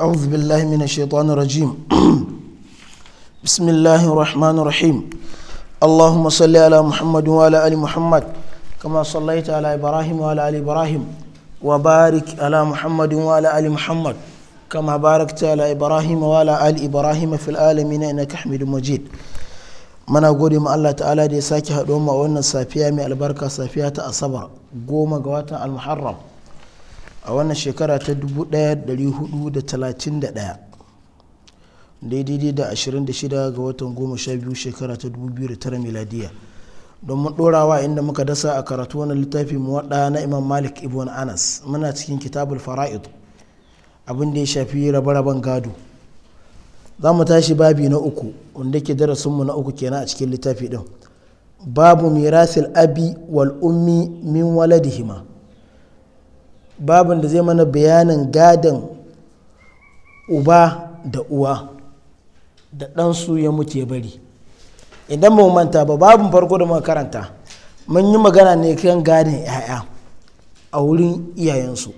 أعوذ بالله من الشيطان الرجيم بسم الله الرحمن الرحيم اللهم صل على محمد وعلى آل محمد كما صليت على إبراهيم وعلى آل إبراهيم وبارك على محمد وعلى آل محمد كما باركت على إبراهيم وعلى آل إبراهيم في العالمين إنك حميد مجيد mana gode ma Allah ta'ala da ya sake haɗo ma wannan safiya mai albarka safiya ta asabar goma ga watan al-muharram a wannan shekara ta 1431 daidai da 26 ga watan 12 shekara ta 2009 miladiya don mun dorawa inda muka dasa a karatu wani littafi muwaɗa na imam malik ibn anas muna cikin kitabul fara'id abin da ya shafi rabe-raben gado za mu tashi babi na uku wanda ke darasinmu na uku kenan a cikin littafi din babu mirasil abi wal ummi min waladihima babin da zai mana bayanin gadon uba da uwa da ɗansu ya mutu ya bari idan mu manta ba babin farko da makaranta mun yi magana ne kan gadon 'ya'ya a wurin iyayensu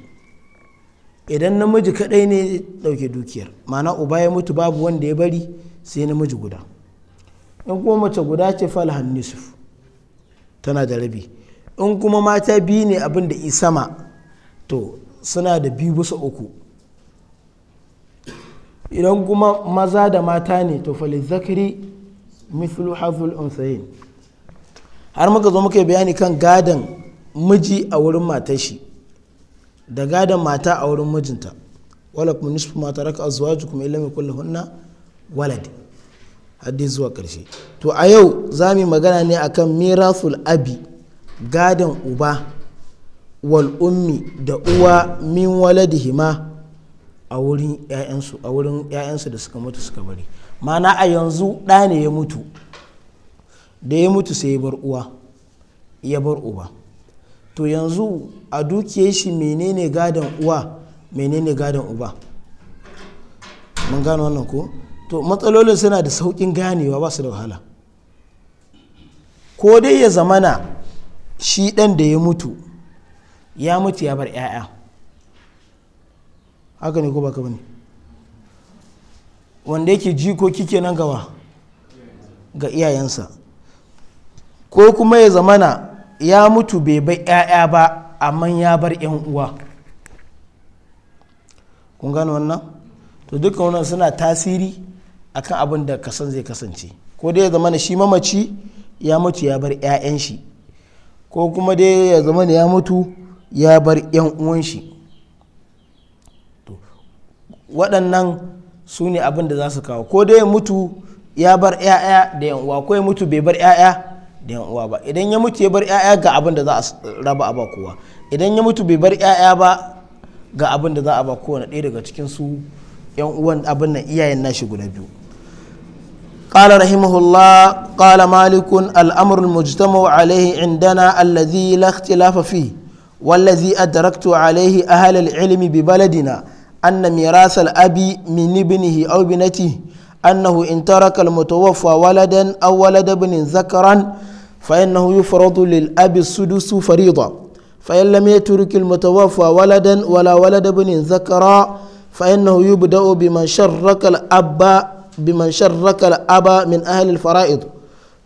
idan namiji kaɗai ne ɗauke dukiyar mana uba ya mutu babu wanda ya bari sai namiji guda in kuma mace guda ce falhan nisuf tana da rabi in kuma mata biyu ne abin da isama to suna da biyu bisa uku idan kuma maza da mata ne to fali zakari mithlu hazul unsayin har muka zo muka bayani kan gadon miji a wurin matar shi da gadon mata a wurin mijinta wala kuma nisfu mata raka azwaju kuma ilmi hunna walad hadis zuwa karshe to a yau za mu magana ne akan mirasul abi gadon uba wal ummi da uwa min waladihima a wurin ‘ya'yansu a wurin ‘ya'yansu da suka mutu suka bari mana a yanzu ɗa ne ya mutu da ya mutu sai ya bar uwa ya bar uba to yanzu a dukiyar shi menene gadon uwa menene gadon uba mun gano wannan ko to matsalolin suna da sauƙin ganewa ba su da wahala ko dai ya zamana shi ɗan da ya mutu ya mutu ya bar 'ya'ya haka ne ko baka bane wanda yake jikoki kenan gawa ga iyayensa ko kuma ya zamana ya mutu bai bai 'ya'ya ba amma ya bar 'yan uwa kun gano wannan to duka wannan suna tasiri akan abin da kasan zai kasance ko dai ya zamana shi mamaci ya mutu ya bar 'ya'yan shi ko kuma dai ya zamana ya mutu ya bar yan uwan shi waɗannan su ne abin da za su kawo ko dai mutu ya bar 'ya'ya da yan uwa ko ya mutu bai bar 'ya'ya da yan uwa ba idan ya mutu ya bar 'ya'ya ga abin da za a raba a ba kowa idan ya mutu bai bar 'ya'ya ba ga abin da za a ba kowane ɗaya daga cikin su yan uwan abin nan iyayen nashi guda biyu قال رحمه الله قال مالك الأمر المجتمع عليه عندنا الذي لا اختلاف فيه والذي أدركت عليه أهل العلم ببلدنا أن ميراث الأب من ابنه أو بنته أنه إن ترك المتوفى ولدا أو ولد ابن ذكرا فإنه يفرض للأب السدس فريضة فإن لم يترك المتوفى ولدا ولا ولد ابن ذكرا فإنه يبدأ بمن شرك الأب بمن شرك الأب من أهل الفرائض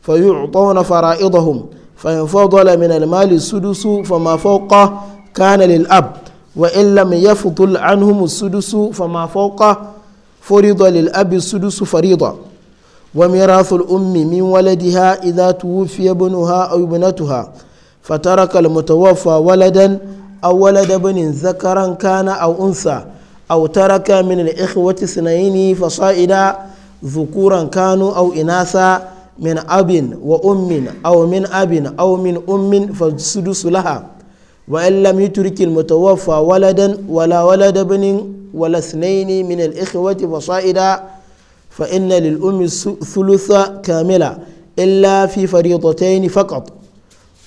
فيعطون فرائضهم فإن فضل من المال السدس فما فوقه كان للأب وإن لم يفضل عنهم السدس فما فوقه فرض للأب السدس فريضة وميراث الأم من ولدها إذا توفي ابنها أو ابنتها فترك المتوفى ولدا أو ولد ابن ذكرا كان أو أنثى أو ترك من الإخوة اثنين فصائدا ذكورا كانوا أو إناثا من أب وأم أو من أب أو من أم فالسدس لها وإن لم يترك المتوفى ولدا ولا ولد ابن ولا اثنين من الإخوة فصائدا فإن للأم الثلث كاملة إلا في فريضتين فقط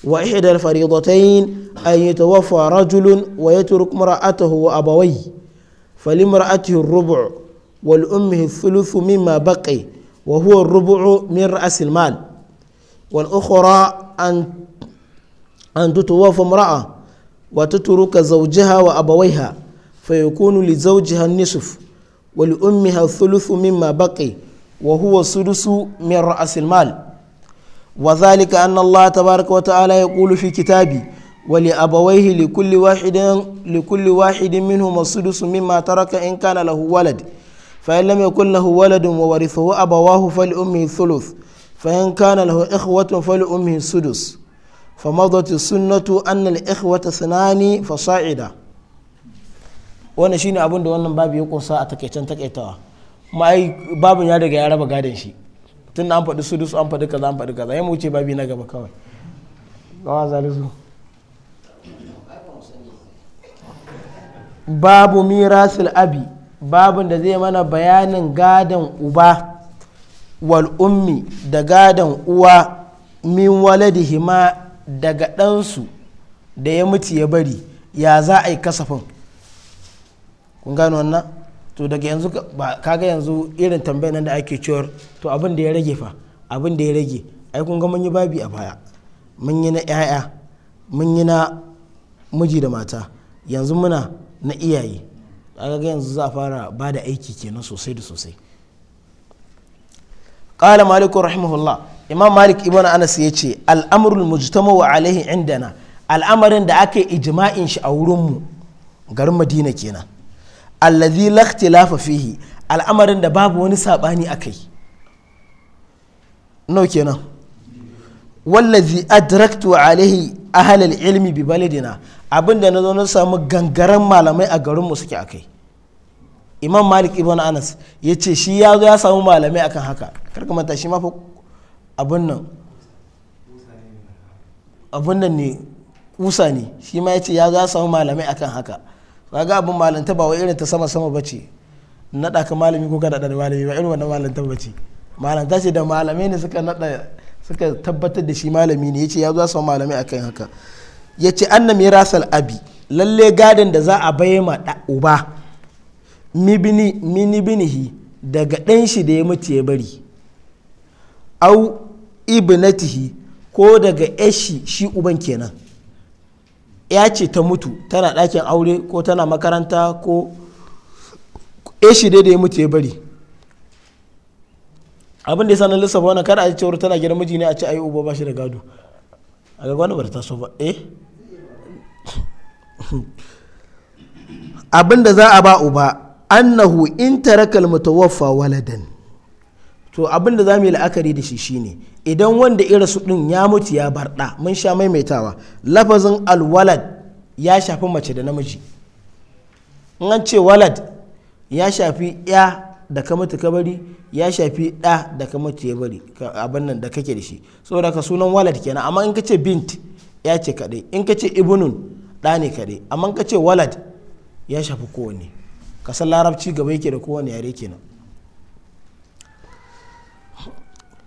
وإحدى الفريضتين أن يتوفى رجل ويترك امرأته وأبويه فلامرأته الربع والأمه الثلث مما بقي وهو الربع من رأس المال والأخرى أن أن تتوفى امرأة وتترك زوجها وأبويها فيكون لزوجها النصف ولأمها الثلث مما بقي وهو السدس من رأس المال وذلك أن الله تبارك وتعالى يقول في كتابه ولأبويه لكل واحد لكل واحد منهما السدس مما ترك إن كان له ولد فإن لم يكن له ولد وورثه أبواه فلأمه الثلث فإن كان له إخوة فلأمه السدس فمضت السنة أن الإخوة اثنان فصاعدا wannan shine abin da wannan babu ya kunsa a takaicen takaitawa kuma ai babin ya ya raba gadon shi tun an faɗi sudus an faɗi kaza an faɗi kaza ya wuce babi na gaba kawai babu mirasil abi babin da zai mana bayanin gadon uba wal ummi da gadon uwa min hima daga ɗansu da ya mutu ya bari ya za a yi kasafin kun gano wannan to daga yanzu kaga yanzu irin tambayar da ake cewar to abin da ya rage fa abin da ya rage ai kun ga mun yi babi a baya mun yi na 'ya'ya mun yi na miji da mata yanzu muna na iyaye kaga yanzu za a fara ba da aiki kenan sosai da sosai qala maliku rahimahullah imam malik ibn anas ya ce al'amrul mujtama'u alaihi indana al'amarin da aka yi ijma'in shi a wurinmu garin madina kenan allazi lakti fihi al'amarin da babu wani sabani akai nau kenan wallazi adraktu alaihi ahlal ilmi bi baladina abinda na zo na samu gangaren malamai a garin mu suke akai imam malik ibn anas ya ce shi ya zo ya samu malamai akan haka karka manta shi ma fa abin nan abin nan ne kusa ne shi ma ya ce ya zo ya samu malamai akan haka ga abin malanta ba wa irin ta sama sama bace naɗa ka malami ko ka naɗa da malami ba irin wannan malanta bace malanta ce da malamai ne suka naɗa suka tabbatar da shi malami ne ya ce ya zo sau malami akan haka ya ce an anna mirasal abi lalle gadon da za a baye ma uba mini binihi daga ɗan shi da ya mutu ya bari au ibnatihi ko daga yashi shi uban kenan ya ce ta mutu tana ɗakin aure ko tana makaranta ko yashi dai da ya mutu ya bari abin da ya sanar lissafa wannan kada a ji cewar tana gidan miji ne a ce ayi uba ba shi da gado a ga wani ba ta so ba eh abin da za a ba uba annahu in taraka almutawaffa waladan to abin da za mu yi la'akari da shi shine idan wanda irin su din ya mutu ya barda mun sha maimaitawa lafazin alwalad ya shafi mace da namiji in an ce walad ya shafi ya da ka mutu ka bari ya shafi ɗa da ka mutu ya bari abin nan da kake da shi saboda ka sunan walad kenan amma in ka ce bint ya ce kaɗai in ka ce ibnun ɗa ne kaɗai amma in ka ce walad ya shafi ka san larabci gaba yake da kowane yare kenan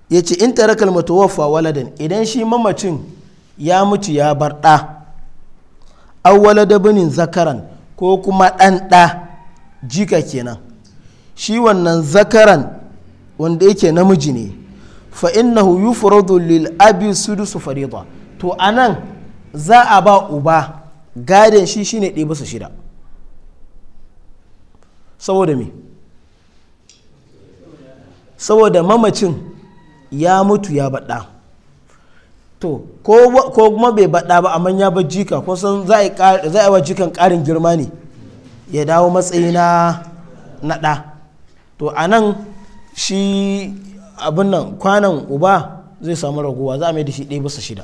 ya ce in tare kalmatuwafa waladan idan shi mamacin ya mutu ya bar ɗa awwala da binin zakaran ko kuma ɗan ɗa jika kenan shi wannan zakaran wanda yake namiji ne fa innahu yufradu lil abi sudusu farida to anan za a ba uba gadon shi shine ɗaya su shida saboda me saboda mamacin ya mutu ya baɗa to ko kuma bai baɗa ba amma ya bar jika kusan za a yi wa jikan ƙarin girma ne ya dawo matsayi na ɗa to a nan shi abin nan kwanan uba zai samu raguwa za a mai da shi ɗaya bisa shida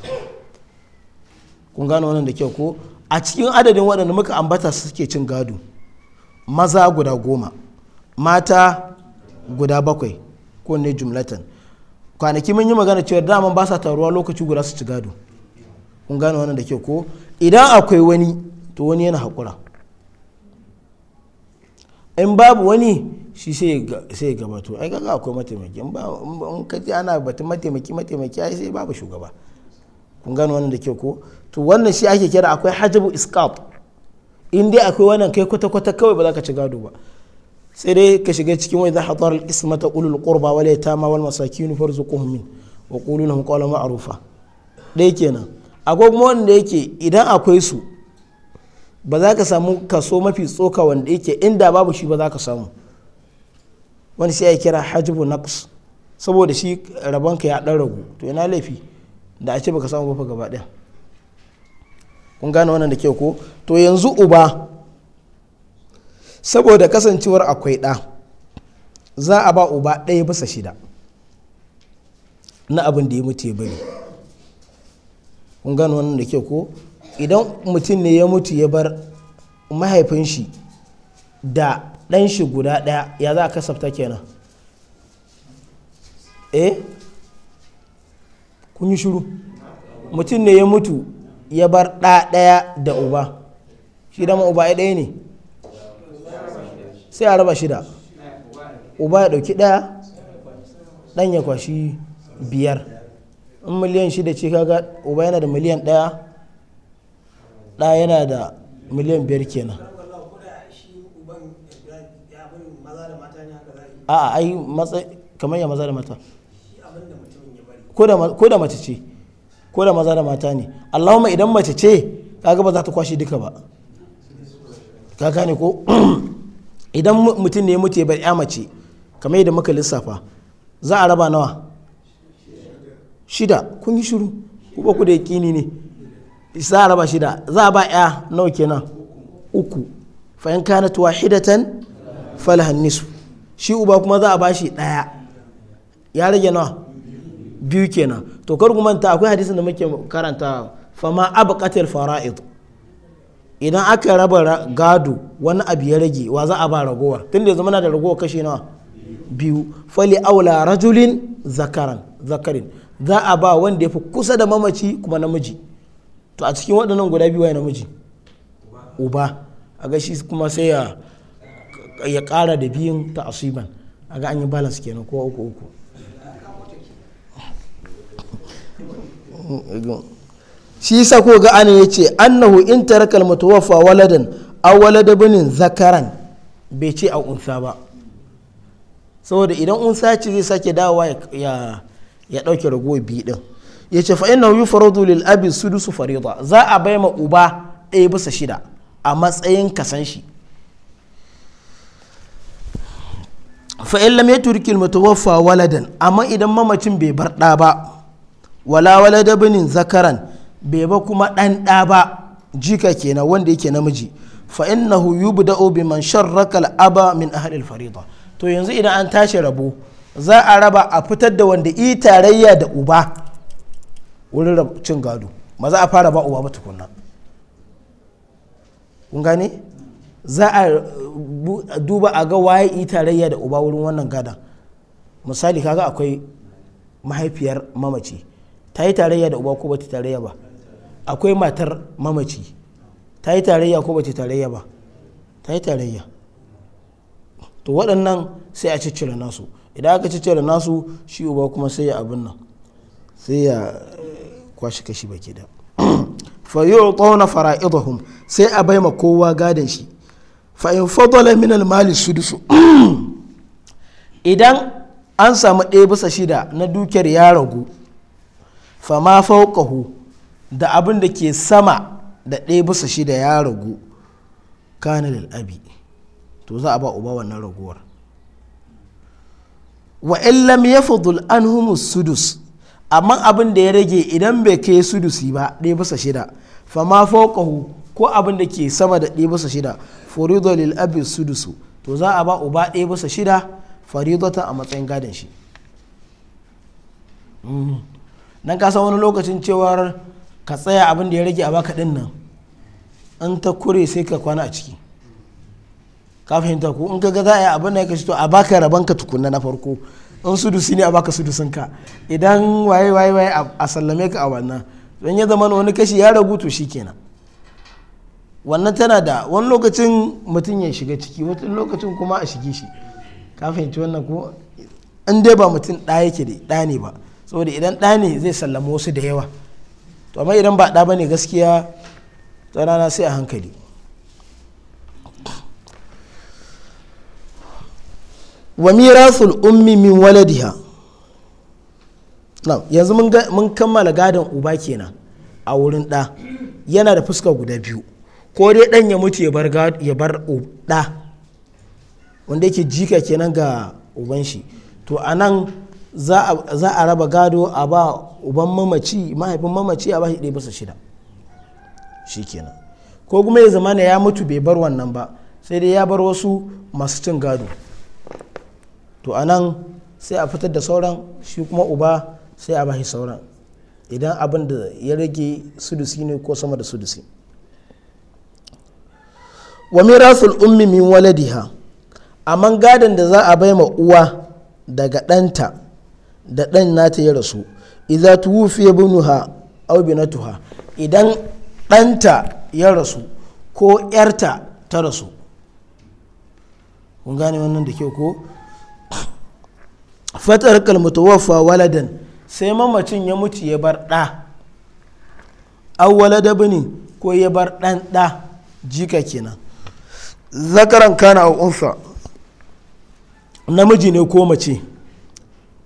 kun gano wannan da kyau ko a cikin adadin waɗanda muka ambata suke cin gado maza guda goma mata guda bakwai ko ne jumlatan kwanaki mun yi magana cewa dama ba sa taruwa lokaci guda su ci gado kun gano wannan da kyau ko idan akwai wani to wani yana haƙura in babu wani shi sai gabato ai kaga akwai mataimaki in ka ji ana batun mataimaki mataimaki ai sai babu shugaba kun gano wannan da ke ko to wannan shi ake kira akwai hajabu iskab in dai akwai wannan kai kwata kwata kawai ba za ka ci gado ba sai dai ka shiga cikin wani zan hadar ismata ulul qurba wal yatama wal masakin farzuquhum min wa qulu lahum qawlan ma'rufa dai kenan akwai kuma wanda yake idan akwai su ba za ka samu kaso mafi tsoka wanda yake inda babu shi ba za ka samu wani sai ya kira hajjibu naqs saboda shi rabonka ya dan ragu to yana laifi da a ce baka samu ba gaba ɗaya kun gane wannan da kyau ko to yanzu uba saboda kasancewar akwai ɗa za a ba uba ɗaya bisa shida na abin da ya mutu ya bari kun gane wannan da kyau ko idan mutum ne ya mutu ya bar mahaifin shi da ɗan shi guda ɗaya ya za a kasafta kenan eh kun yi shiru mutum ne ya mutu ya bar ɗa ɗaya da uba shi dama uba ya ɗaya ne sai a raba shida uba ya ɗauki ɗaya ɗan ya kwashi biyar in miliyan shida ce kaga uba yana da miliyan ɗaya ɗa yana da miliyan biyar kenan a ai kamar ya maza da mata ko da mace ce ko da maza da mata ne allahumma idan mace ce kaga ba za ta kwashe duka ba kaka ne ko idan mutum ne mutu ya bar ya mace kamar yadda muka lissafa za a raba nawa shida kun yi shiru ku ba ku da yakini ne za a raba shida za a ba ya nawa kenan uku fa in tuwa hidatan falahan nisu shi uba kuma za a bashi ɗaya ya rage nawa biyu kenan to kar kuma ta akwai hadisin da muke karanta fama abqatil fara'id idan aka raba gado wani abu ya rage wa za a ba ragowar tunda yanzu muna da ragowar kashi nawa biyu fali aula rajulin zakaran zakarin za a ba wanda ya fi kusa da mamaci kuma namiji to a cikin waɗannan guda biyu namiji uba a ga shi kuma sai ya ya kara da biyun ta asiban a ga an yi balance kenan ko uku uku shi yasa ko ga ana ya ce annahu in tarakal mutawaffa waladan aw walada binin zakaran bai ce a unsa ba saboda idan unsa ce zai sake dawa ya ya dauke rago biyu din ya ce fa innahu yufaradu lil abi sudusu farida za a bai ma uba ɗaya bisa shida a matsayin kasan shi fa in lam yaturki mutawaffa waladan amma idan mamacin bai bar ɗa ba wala walada binin zakaran bai ba kuma ɗan ɗa ba jika kenan wanda yake namiji fa innahu yubda'u biman sharraka al-aba min ahli al-fariḍa to yanzu idan an tashi rabo za a raba a fitar da wanda i tarayya da uba wurin cin gado ma za a fara ba uba ba tukunna kun gane za a duba a ga waye yi tarayya da uba wurin wannan gadan misali kaga akwai mahaifiyar mamaci ta yi tarayya da uba ko ba ta tarayya ba akwai matar mamaci ta yi tarayya ko ba ta tarayya ba ta yi tarayya to waɗannan sai a ciccire nasu idan aka ciccire nasu shi uba kuma sai ya abin nan sai ya eh, kwashi kashi baki da fa yu'tawna fara'idahum sai a baima kowa gadon shi fain fadola minal min mali idan an samu ɗaya bisa shida na dukiyar ya ragu fa ma da abin da ke sama da ɗaya bisa shida ya ragu kana lil abi to za a ba uba wannan raguwar wa ya lam an anhum sudus amma abin da ya rage idan bai kai sudusi ba ɗaya bisa shida fa ma fauƙahu ko abin da ke sama da ɗaya bisa shida furido lil abi sudusu to za a ba uba ɗaya bisa shida ta a matsayin gadon shi hmm. nan ka san wani lokacin cewar ka tsaya abin da ya rage a baka ɗin nan an ta kure sai ka kwana a ciki ka fahimta ko in ka ga za a yi abin da ya kashi to a baka rabon ka tukunna na farko in sudusi ne a baka sudusin ka idan waye waye waye a sallame ka a wannan don ya zama wani kashi ya ragu to shikenan wannan tana da wani lokacin mutum ya shiga ciki wani lokacin kuma a shige shi ka fahimci wannan ko in dai ba mutum ɗa yake da ɗa ne ba saboda idan ɗa ne zai sallama wasu da yawa to amma idan ba ɗa ba ne gaskiya tsanana sai a hankali wa mirasul ummi min waladiha yanzu mun kammala gadon uba kenan a wurin ɗa yana da fuska guda biyu ko dai dan ya mutu ya bar da wanda yake jika kenan ga uban shi to a nan za a raba gado a ba uban mamaci mahaifin mamaci a ba shi ɗaya shida shi kenan ko kuma ya zama ya mutu bai bar wannan ba sai dai ya bar wasu masu cin gado to a nan sai a fitar da sauran shi kuma uba sai a ba shi sauran idan abin da ya rage sudusi ne ko sama da sudusi wa mirasul ummi min waladiha amma gadon da za a bai ma uwa daga ɗanta da ɗan nata ya rasu idza tuwfiya bunuha aw binatuha idan ɗanta ya rasu ko ‘yarta ta rasu kun gane wannan da kyau ko fatar kalmutawaffa waladan sai mamacin ya mutu ya bar ɗa awwala dabinin ko ya bar ɗan ɗa jika kenan zakaran kana a unsa namiji ne ko mace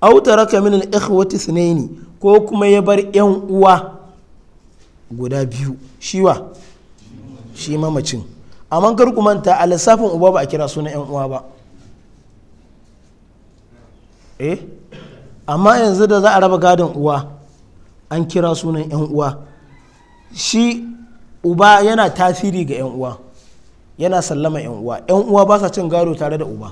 autara kamin ikhwati sunaini ko kuma ya bar yan uwa guda biyu shiwa shi mamacin amma kar manta a lissafin uba ba a kira suna yan uwa ba eh amma yanzu da za a raba gadon uwa an kira sunan yan uwa shi uba yana tasiri ga yan uwa yana sallama yan uwa yan uwa ba sa cin gado tare da uba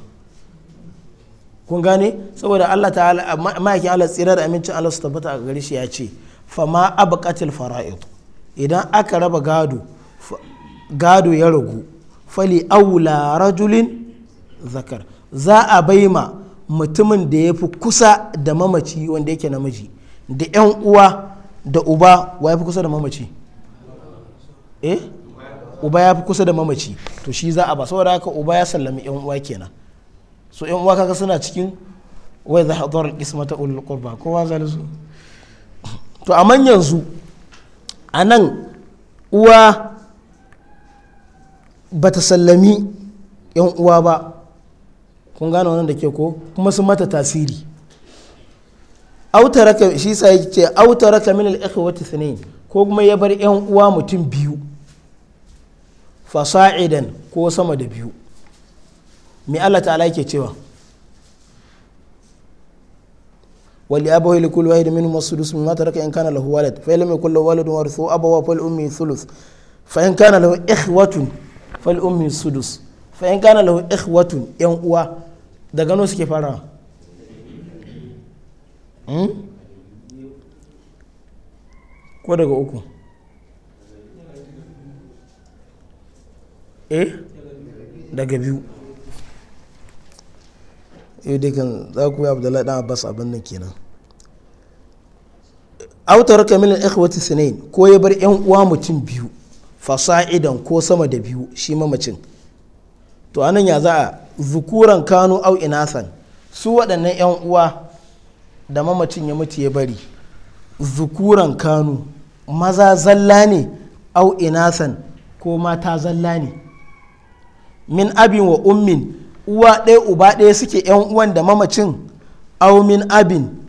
kun gane saboda Allah ta'ala ma'aikin Allah tsira da amincin Allah su tabbata a gare shi ya ce ma abqatil fara'id idan aka raba gado gado ya ragu fali awla rajulin zakar za a baima mutumin da ya fi kusa da mamaci wanda yake namiji da yan uwa da uba wa ya fi kusa da mamaci eh uba ya fi kusa da mamaci to shi za a ba saboda haka uba ya sallami yan uwa kenan so yan uwa kaga suna cikin wai za a zuwa kismata ulul qurba kowa za su to a manyan yanzu a nan uwa ba ta sallami yan uwa ba kun gane wannan da ke ko kuma sun mata tasiri autaraka shi sa yake autaraka min al-ikhwati thnayn ko kuma ya bar yan uwa mutum biyu fasa'idan ko sama da biyu mai Allah ta'ala yake cewa wali abawi li kulli wahidin minhum as-sudus mimma taraka in kana lahu walad fa lam yakul lahu walad warithu abawahu fal ummi thuluth fa in kana lahu ikhwatun fal ummi sudus fa in kana lahu ikhwatun yan uwa daga nan suke fara hmm? ko daga uku eh daga biyu yau da kan za ku yi abdullahi dan abbas abin nan kenan autar kamilin ikhwati sinain ko ya bar yan uwa mutum biyu fasa'idan ko sama da biyu shi mamacin to anan ya za a zukuran kanu au inasan su waɗannan yan uwa da mamacin ya mutu ya bari zukuran kanu maza zalla ne au inasan ko mata zalla ne min abin wa ummin uwa ɗaya uba ɗaya suke yan uwan da mamacin aw min abin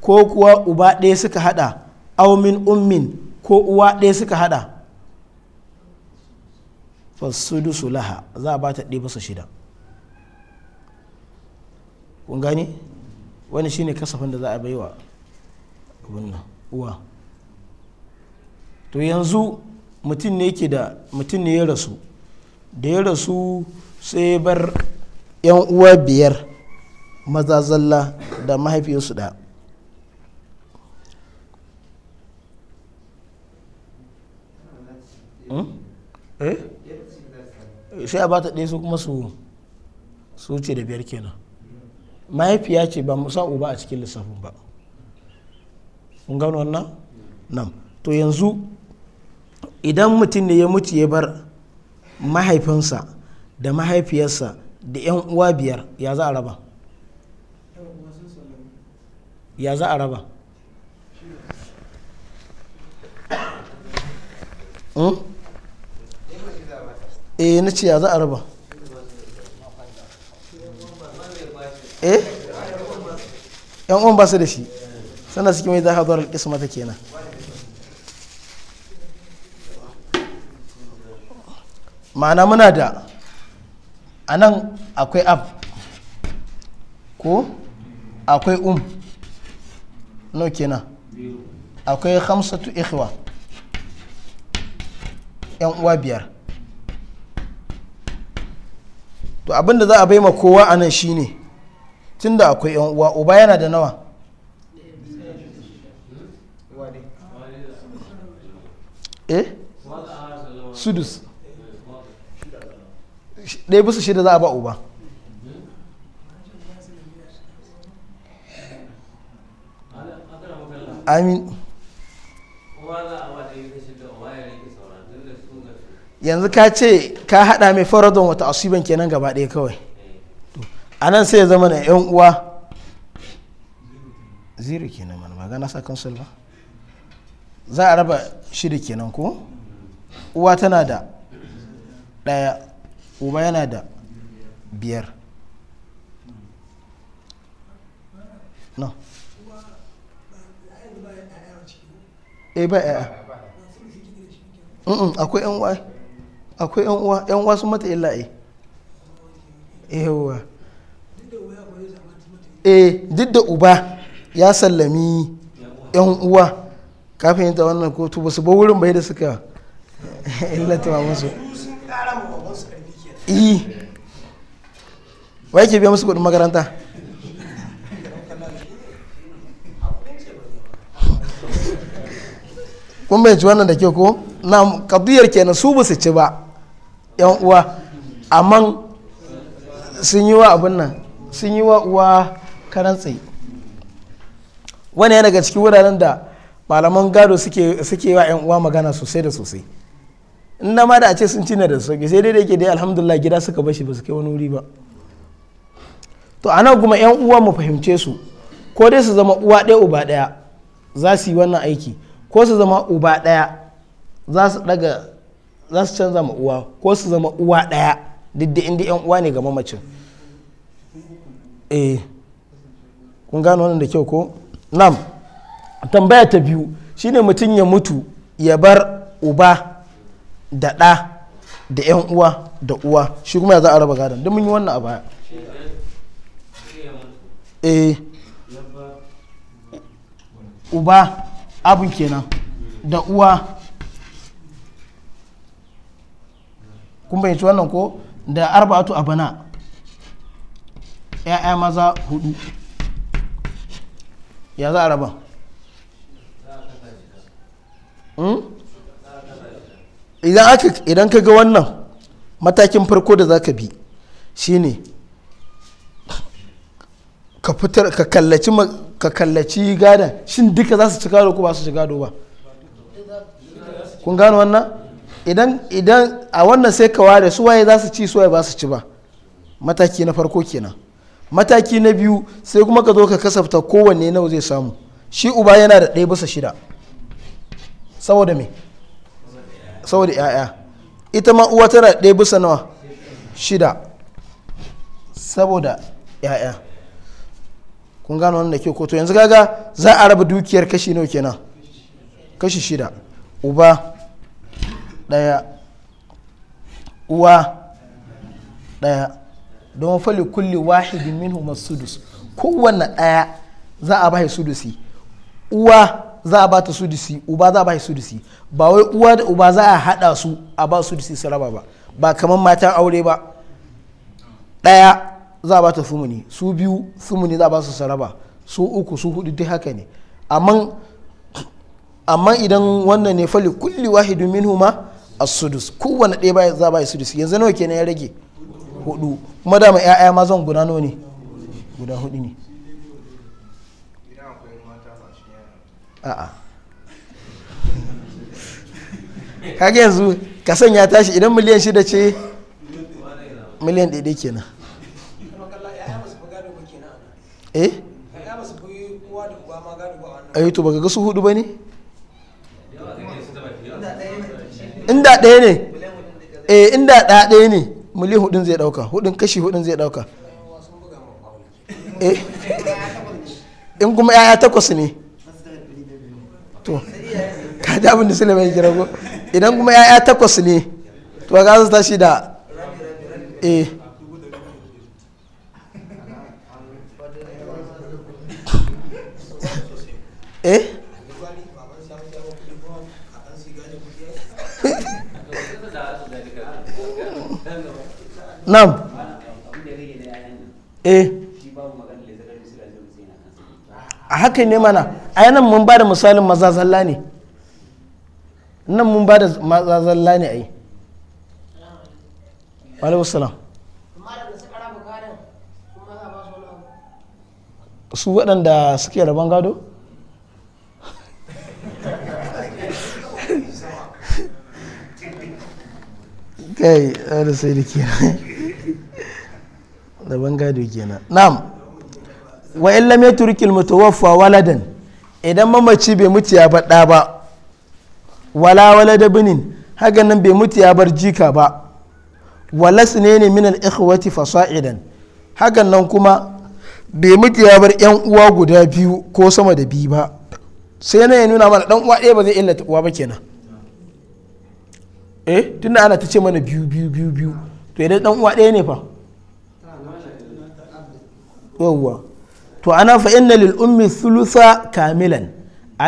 ko kuwa uba ɗaya suka hada aw min ummin ko uwa ɗaya suka hada fasudu laha za a ba ta ɗaya bisa shida kun gani wani shine kasafin da za a baiwa wannan uwa to yanzu mutum ne ke da mutum ne ya rasu da ya rasu sai bar yan uwa biyar maza zalla da mahaifiyarsu da hmm? eh? sai a ba ta ɗaya su kuma su su ce da biyar kenan mahaifiya ce ba musa uba a cikin lissafin ba kun gano wannan nan to yanzu idan mutum ne ya mutu ya bar mahaifinsa da mahaifiyarsa da 'yan uwa biyar ya za a raba ya za a raba hmm? eh na ce ya za a raba eh yan uwan ba su da shi sannan suke mai zahadar alƙisma ta kenan ma'ana muna da a nan akwai ab ko akwai um no kenan akwai hamsatu ikhwa yan uwa biyar to abinda za a bai ma kowa a nan shine tunda akwai yan uwa uba yana da nawa eh sudus ɗaya bisa shida za a ba uba amin yanzu ka ce ka hada mai faradon wata asiban kenan gaba ɗaya kawai a nan sai ya zama na yan uwa ziri kenan mana ba gana sa kansul ba za a raba shida kenan ko uwa tana da ɗaya uba yana da biyar no eh ba ya akwai yan uwa akwai yan uwa yan uwa sun mata illa eh yawa eh duk da uba ya sallami yan uwa kafin yin wannan kotu ba su ba wurin bai da suka illata musu yi eh. wai ke biya musu kudin makaranta kun bai ci wannan da ke ko na kaduyar kenan su ba su ci ba yan uwa amma sun yi wa abin nan sun yi wa uwa karan tsaye wani yana daga cikin wuraren da malaman gado suke wa yan uwa magana sosai da sosai in na ma da a ce sun cina da sauki sai dai da yake dai alhamdulillah gida suka bashi ba su kai wani wuri ba to ana kuma yan uwa mu fahimce su ko dai su zama uwa ɗaya uba ɗaya za su yi wannan aiki ko su zama uba ɗaya za su daga za su canza ma uwa ko su zama uwa ɗaya duk da inda yan uwa ne ga mamacin eh kun gano wannan da kyau ko nam tambaya ta biyu shine mutum ya mutu ya bar uba da ɗa da 'yan uwa da uwa shi kuma ya za a raba gadon don mun yi wannan a baya eh uba abin kenan da uwa kun bayyanci wannan ko da arba'atu a bana ya'ya maza hudu ya za a raba? Hmm? idan ka ga wannan matakin farko da za ka bi shine ka fitar ka kallaci ka kallaci gada shin duka za su ci gado ko ba su ci gado ba kun gano wannan idan idan a wannan sai ka ware su waye za su ci su waye ba su ci ba mataki na farko kenan mataki na biyu sai kuma ka zo ka kasafta kowanne nawa zai samu shi uba yana da ɗaya bisa shida saboda me saboda 'ya'ya ita ma uwa tana ɗaya bisa nawa shida saboda 'ya'ya kun gano wannan da ke koto yanzu kaga za a raba dukiyar kashi nawa kenan kashi shida uba ɗaya uwa ɗaya don fali kulli wahidin minhu masudus kowanne ɗaya za a bai sudusi uwa za a ba ta sudusi uba za a ba shi sudusi ba wai uwa da uba za a haɗa su a ba da su raba ba ba kamar matan aure ba ɗaya za a ba ta sumuni su biyu sumuni za a ba su su raba su uku su hudu duk haka ne amma idan wannan ne fali kulli wahidun minhuma as-sudus kowanne ɗaya ba za a ba shi sudusi yanzu nawa kenan ya rage hudu kuma dama 'ya'ya ma zan guda nawa ne guda hudu ne a'a Kage yanzu ka sanya tashi idan miliyan shida ce miliyan ɗaiɗai kenan eh a eh, yi to ga su hudu ba ne inda ɗaya ne eh inda ɗaya ɗaya ne miliyan hudun zai ɗauka hudun kashi hudun zai ɗauka eh in kuma 'ya'ya takwas ne to ka ji abin da su ya kira ko idan kuma ya'ya takwas ne to ga su tashi da eh eh nam eh a haka ne mana a yanan mun ba da misalin mazazalla ne nan mun ba da mazazalla ne a yi salam su waɗanda suke rabon gado? kai da sai da kenan rabon gado kenan na'am wa in lam yatrukil mutawaffa waladan idan mamaci bai mutu ya bar ba wala walada binin hakan nan bai mutu ya bar jika ba walas ne ne minal ikhwati fasa'idan hakan nan kuma bai mutu ya bar yan uwa guda biyu ko sama da biyu ba sai na ya nuna mana dan uwa ɗaya ba zai illata uwa ba kenan eh tunda ana ta ce mana biyu biyu biyu biyu to idan dan uwa ɗaya ne fa yawwa to ana fa inna lil ummi thulutha kamilan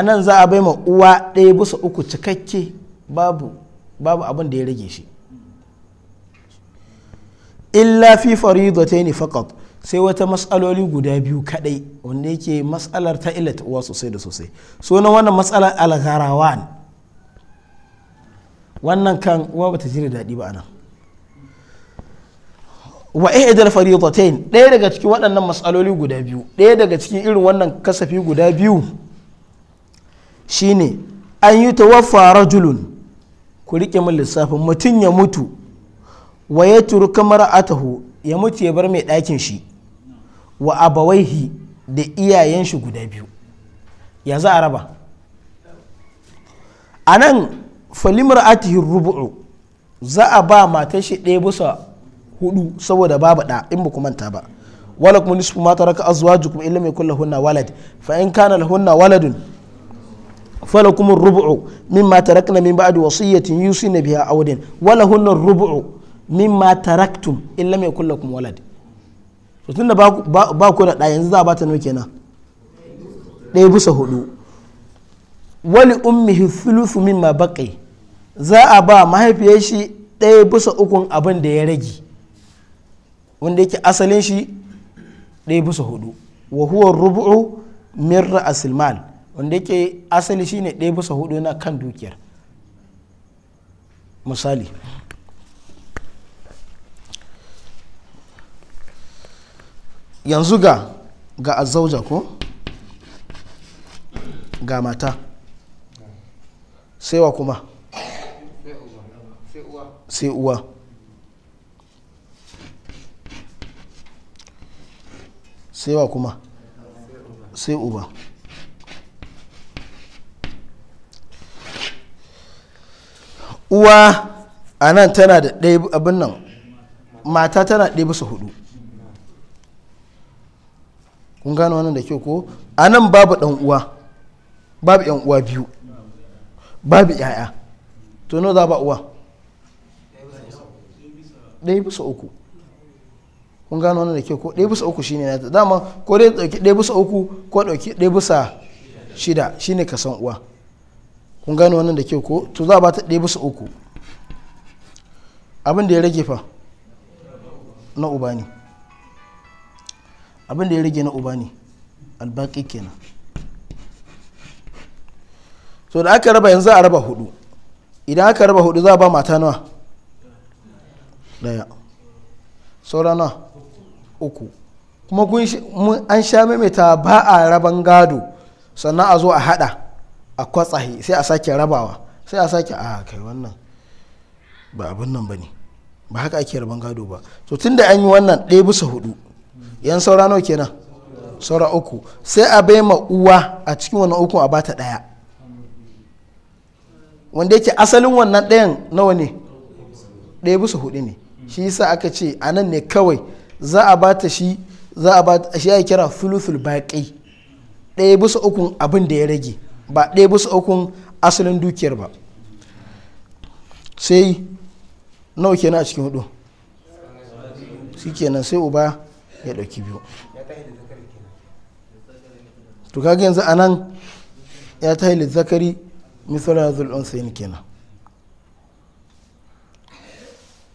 nan za a bai ma uwa ɗaya bisa uku cikakke babu babu abin da ya rage shi illa fi faridatayn faqat sai wata matsaloli guda biyu kadai wanda yake matsalar ta illata uwa sosai da sosai sunan wannan matsalar alharawan wannan kan uwa bata jira dadi daɗi ba anan wa ihdal faridatain ɗaya daga cikin waɗannan matsaloli guda biyu ɗaya daga cikin irin wannan kasafi guda biyu shine an yi tawaffa rajulun ku rike min lissafin mutum ya mutu wa ya turu kamar atahu ya mutu ya bar mai ɗakin shi wa abawaihi da iyayen shi guda biyu ya za a raba a nan falimar atihin rubu'u za a ba matar shi ɗaya bisa hudu saboda babu da in ba ku manta ba wala kuma nisfu ma taraka azwajukum illa mai kullu hunna walad fa in kana lahunna waladun falakum ar-rubu'u mimma tarakna min ba'di wasiyatin yusina biha awdin wala hunna ar-rubu'u mimma taraktum illa mai kullu kum walad to tunda ba ku da yanzu za ba ta nawa kenan ɗaya bisa hudu wali ummihi thuluthu mimma baqi za a ba mahaifiyar shi ɗaya bisa ukun abin da ya rage wanda yake asalin shi ɗaya bisa hudu wa huwa rubu'u min ra'asil mal wanda yake asali shine ɗaya bisa hudu na kan dukiyar misali yanzu ga ga azauja ko ga mata sai wa kuma sai uwa sai wa kuma sai uba uwa a nan tana da ɗaya abin nan mata tana ɗaya bisa hudu kun gano wannan da kyau ko a nan babu ɗan uwa babu yan uwa biyu babu yaya to nawa za ba uwa ɗaya bisa uku kun gano wannan da ke ko ɗaya bisa uku shine na dama ko dai ɗauki ɗaya bisa uku ko ɗauki ɗaya bisa shida shine ka san uwa kun gano wannan da ke ko to za a bata ɗaya bisa uku abin da ya rage fa na uba ne abin da ya rage na uba ne albaƙi kenan so da aka raba yanzu a raba hudu idan aka raba hudu za a ba mata nawa ɗaya sauranawa uku kuma an sha maimaita ba a raban gado sannan a zo a hada a kwatsahi sai a sake rabawa sai a sake a ah, kai wannan ba abin nan ba ne ba haka ake raban gado ba to tun da an yi wannan ɗaya bisa hudu yan saura nawa kenan saura uku sai a bai ma uwa a cikin wannan uku a bata ɗaya wanda yake asalin wannan ɗayan nawa ne ɗaya bisa hudu ne shi yasa aka ce a nan ne kawai za a bata shi za a bata shi ya kira fuluful baƙi ɗaya bisa ukun abin da ya rage ba ɗaya bisa ukun asalin dukiyar ba sai nawa kenan a cikin hudu shi kenan sai uba ya ɗauki biyu to kaga yanzu a nan ya ta hailu zakari misalar zulun sayin kenan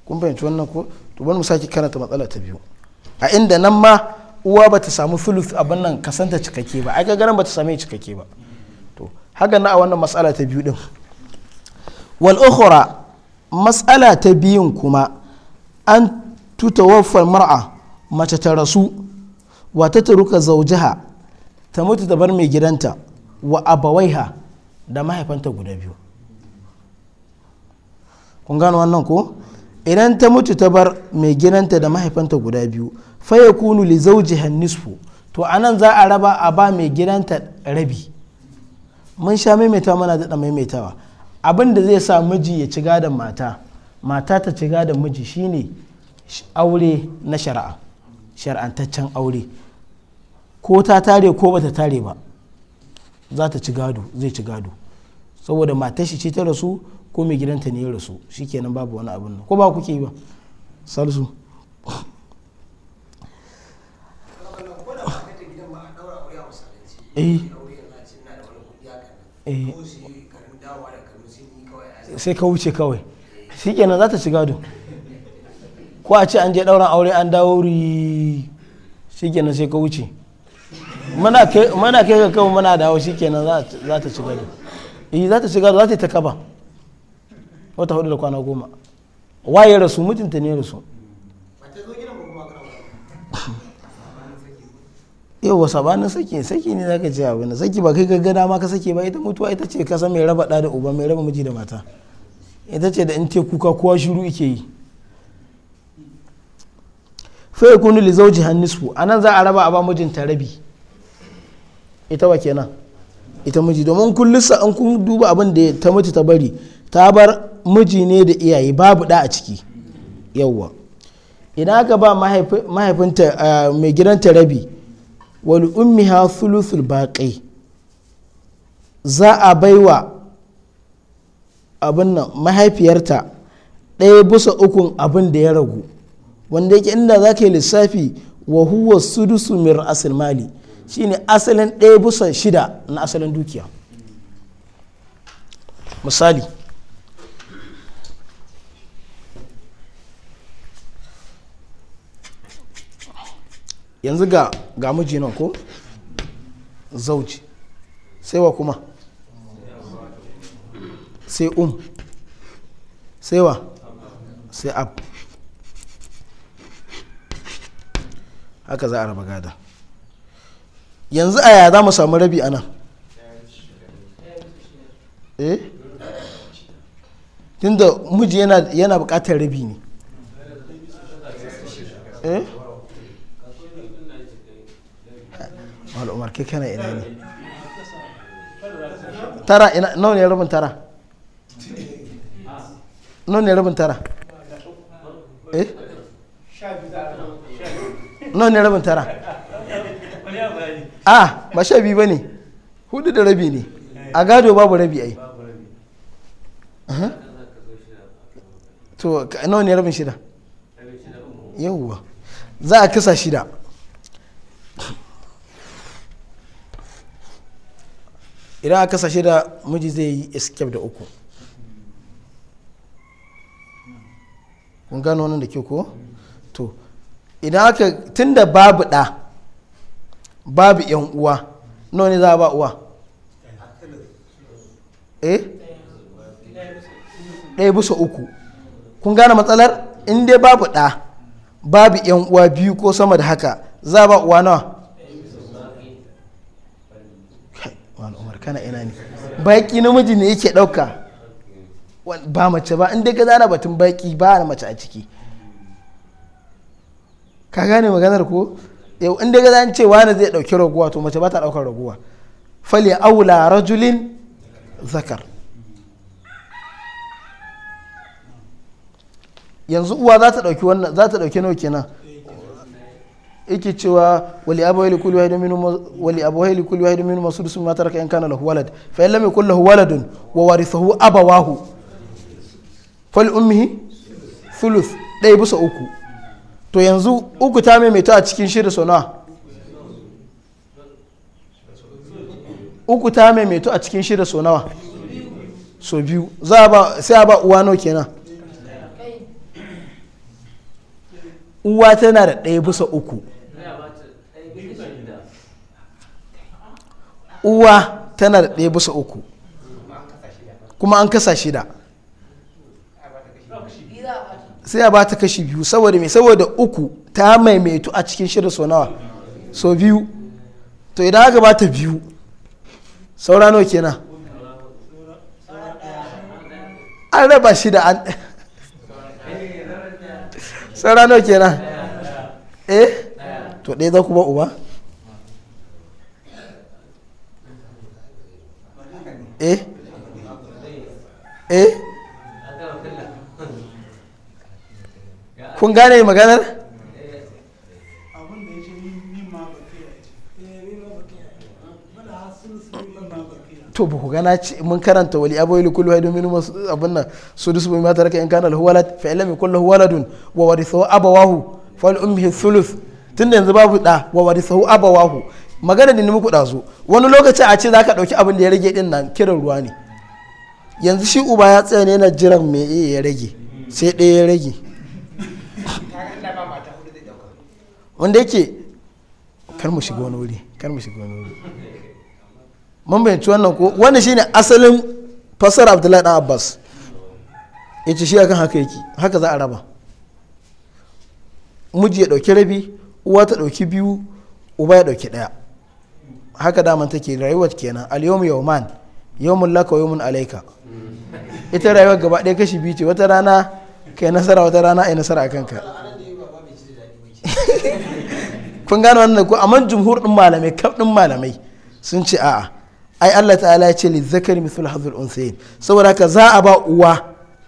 kun fahimci wannan ko to bani mu sake karanta matsala ta biyu a inda nan ma uwa ba ta samu filuf abin nan kasanta cikakke ba ai garin ba ta same cikakke ba to haka na a wannan matsala ta biyu din wal ukhra matsala ta biyun kuma an tutawaffal mar'a mace ta rasu wa ta taruka zaujaha ta mutu da bar mai gidanta wa abawaiha da mahaifanta guda biyu kun gano wannan ko idan ta mutu ta bar mai gidanta da mahaifanta guda biyu faya kunu li zauji nisfu to anan za a raba a ba mai gidanta rabi mun sha maimaita mana daɗa maimaitawa abin da zai sa miji ya ci gadon mata mata ta ci gadon miji shine aure na shari'a shari'antaccen aure ko ta tare ko bata tare ba za ta ci gado zai ci gado saboda matashi ce ta rasu ko mai gidanta ne ya rasu shikenan babu wani abin ko ba kuke yi ba salsu eh. eh. sai ka wuce kawai shikenan za ta shiga don ko a ce an je ɗauran aure an dawo ri shikenan sai ka wuce mana kai ka kawai mana dawo shikenan za ta shiga don za ta shiga don eh, za ta ta kaba wata hudu da kwana goma waye rasu mutunta ne rasu yawa sabanin saki saki ne zaka ce na saki ba kai ga ma ka saki ba ita mutuwa ita ce kasa mai raba da da uba mai raba miji da mata ita ce da in te kuka kowa shiru ike yi fa yakunu li zawji a anan za a raba a ba ta rabi ita wa kenan ita miji domin kullum lissa an kun duba abin da ta mace ta bari ta bar miji ne da iyaye babu da a ciki yawwa idan aka ba mahaifinta mai gidan gidanta rabi wal ha sulusul baƙai za a baiwa abin nan mahaifiyarta ɗaya busa ukun abin da ya ragu wanda yake inda za ka yi lissafi wa huwa sudusu mir ra'asil mali shine asalin ɗaya busa shida na asalin dukiya misali yanzu ga ga miji nan ko zauji sai wa kuma sai um sai wa sai ab haka za a raba gada yanzu a yaya za mu samu rabi a nan eh tunda miji yana bukatar rabi ne eh ke kana ina ne tara ina nawa ne rabin tara nawa ne rabin tara eh nawa ne rabin tara Ah ba sha biyu ba ne hudu da rabi ne a gado babu rabi ai to nawa ne rabin shida yawwa za a kisa shida idan aka kasashe da miji zai yi escape da uku kun gano wannan da ke ko to idan aka tun da babu ɗa babu yan uwa nawa ne za a ba uwa eh ɗaya bisa uku kun gane matsalar in dai babu ɗa babu yan uwa biyu ko sama da haka za a ba uwa nawa kana ina ne baki namiji ne yake ɗauka ba mace ba inda ka zara batun baki ba na mace a ciki ka gane maganar ko yau inda ka zan ce na zai dauki raguwa to mace ba ta daukar raguwa fali aula rajulin zakar yanzu uwa za ta dauki wannan za ta dauki nawa kenan yake cewa wali abuwa li kulli wahidin minhum wali abawai li kulli wahidin minhum masudus mimma taraka in kana lahu walad fa in yakul lahu waladun wa warithahu abawahu fal ummihi thuluth dai bisa uku to yanzu uku ta mai a cikin shirin sona uku ta mai a cikin shirin so nawa so biyu za ba sai ba uwa no kenan uwa tana da ɗaya bisa uku uwa tana da ɗaya bisa uku kuma an kasa shida sai a bata kashi biyu saboda mai saboda uku ta maimaitu a cikin shirin so nawa so biyu to idan aka bata biyu saura nawa kenan an raba shida an saura nawa kenan eh to ɗaya za ku ba uba ايه eh? ايه eh? kun gane maganar to buku ku gana mun karanta wali abu ilu kullu haidu min abin nan su dusu bai mata raka in kana alhuwalat fa ilami kullu huwaladun wa warithahu abawahu fa al ummihi tun da yanzu babu da wa warithahu abawahu magana da muku ɗazu wani lokaci a ce za ka ɗauki abin da ya rage ɗin nan kiran ruwa ne yanzu shi uba ya tsaya ne yana jiran me ya rage sai ɗaya ya rage wanda yake kar mu shiga wani wuri kar mu shiga wani wuri mun bayanci wannan ko wannan shine asalin fasar abdullahi dan abbas ya ce shi akan haka yake haka za a raba miji ya ɗauki rabi uwa ta ɗauki biyu uba ya ɗauki ɗaya haka daman take rayuwar kenan al-yawm yawman yawmun laka yawmun alayka ita rayuwar gaba ɗaya kashi biyu ce wata rana kai nasara wata rana ai nasara a ka. kun gano wannan ko amma jumhur din malamai kaf din malamai sun ce a'a ai Allah ta'ala ya ce li zakari mithul hadhul unsayin saboda haka za a ba uwa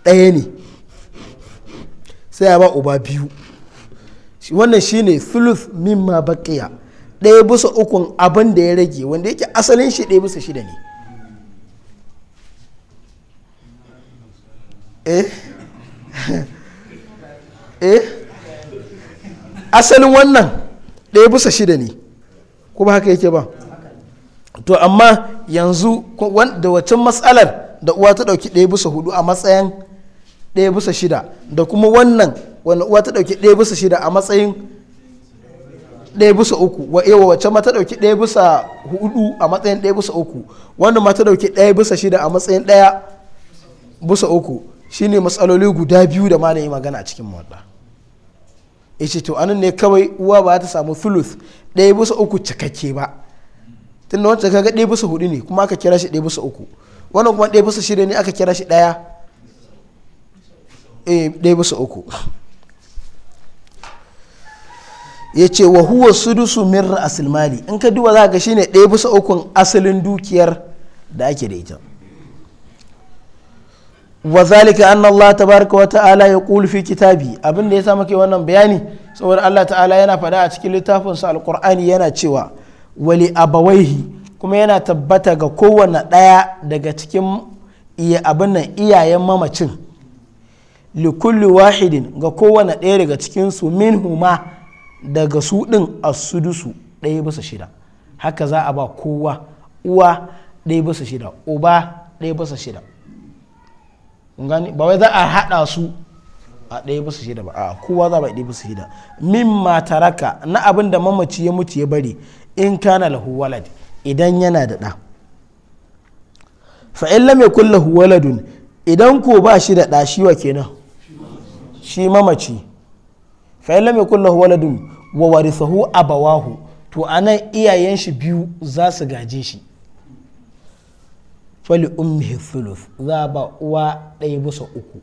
ɗaya ne sai a ba uba biyu wannan shine thuluth mimma baqiya ɗaya bisa ukun abin da ya rage wanda yake asalin shi ɗaya bisa shida ne eh eh asalin wannan ɗaya bisa shida ne ko ba haka yake ba to amma yanzu da wacin matsalar da uwa ta ɗauki ɗaya bisa hudu a matsayin ɗaya bisa shida da kuma wannan wanda uwa ta ɗauki ɗaya bisa shida a matsayin ɗaya bisa uku wa ewa wacce ma ta ɗauki ɗaya bisa hudu a matsayin ɗaya bisa uku wanda ma ta ɗauki ɗaya bisa shida a matsayin ɗaya bisa uku shine matsaloli guda biyu da ma na yi magana a cikin ya ice to anan ne kawai uwa ba ta samu thuluth ɗaya bisa uku cikakke ba tun da wancan kaga ɗaya bisa hudu ne kuma aka kira shi ɗaya bisa uku wannan kuma ɗaya bisa shida ne aka kira shi ɗaya ɗaya bisa uku ya ce wa huwa sudusu min asil mali in ka duba za ka shine ɗaya bisa ukun asalin dukiyar da ake da ita wa zalika anna Allah tabaraka wa ta'ala ya kulufi fi kitabi abinda ya sa muke wannan bayani saboda Allah ta'ala yana faɗa a cikin littafin sa alqur'ani yana cewa wali abawaihi kuma yana tabbata ga kowanne ɗaya daga cikin iya abin nan iyayen mamacin li kulli wahidin ga kowanne ɗaya daga cikin su minhuma daga su ɗin asudusu ɗaya bisa shida haka za a ba kowa uwa ɗaya bisa shida uba ɗaya bisa shida gani ba wai za a haɗa su a ɗaya bisa shida ba a kowa za ba ɗaya bisa shida min mataraka na abin da mamaci ya mutu ya bari in kana lahu walad idan yana da ɗa fa'in lam yakul lahu waladun idan ko ba shi da ɗa shi wa kenan shi mamaci fa in lam yakul lahu waladun wa warithahu abawahu to anan iyayen shi biyu za su gaje shi fali ummihi thuluth za ba uwa ɗaya bisa uku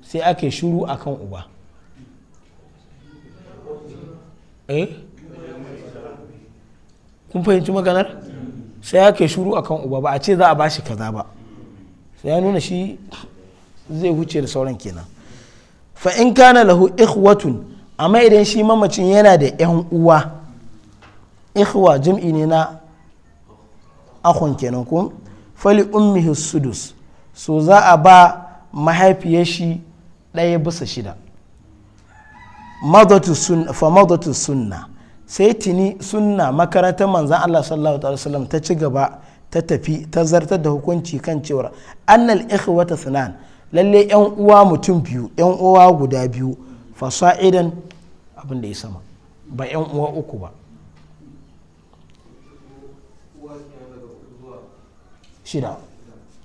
sai ake shuru akan uba eh kun fahimci maganar sai ake shuru akan uba ba a ce za a bashi kaza ba sai ya nuna shi zai huce da sauran kenan fa in kana lahu ikhwatun amma idan shi mamacin yana da 'yan uwa ikhwa jam'i ne na akon kenan ku fali ummihi sudus so za a ba mahaifiyar shi ɗaya bisa shida famadatu sunna sai tini sunna makarantar manzan Allah sallallahu alaihi wasallam ta ci gaba ta tafi ta zartar da hukunci kan cewa annal ikhwata sunan lalle yan uwa mutum biyu yan uwa guda biyu fasa'idan abin da ya sama ba 'yan uwa uku ba shida